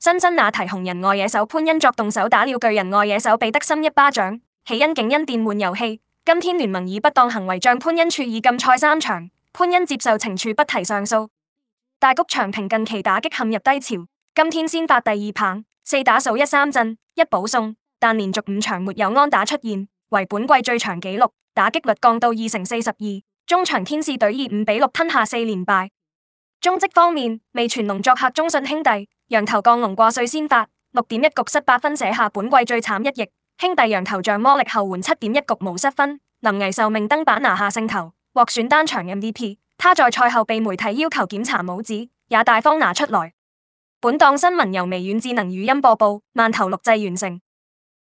辛辛那提紅人外野手潘恩昨動手打了巨人外野手彼德森一巴掌，起因竟因電玩遊戲。今天聯盟以不當行為將潘恩處以禁賽三場，潘恩接受懲處不提上訴。大谷長平近期打擊陷入低潮，今天先發第二棒，四打數一三振一保送，但連續五場沒有安打出現，為本季最長紀錄，打擊率降到二成四十二。中場天使隊以五比六吞下四連敗。中職方面，未全龍作客中信兄弟。羊頭降龍掛帥先發，六點一局失八分寫下本季最慘一役。兄弟羊頭像魔力後援七點一局無失分，臨危受命登板拿下勝投，獲選單場 MVP。他在賽後被媒體要求檢查帽子，也大方拿出來。本檔新聞由微軟智能語音播報，饅頭錄製完成。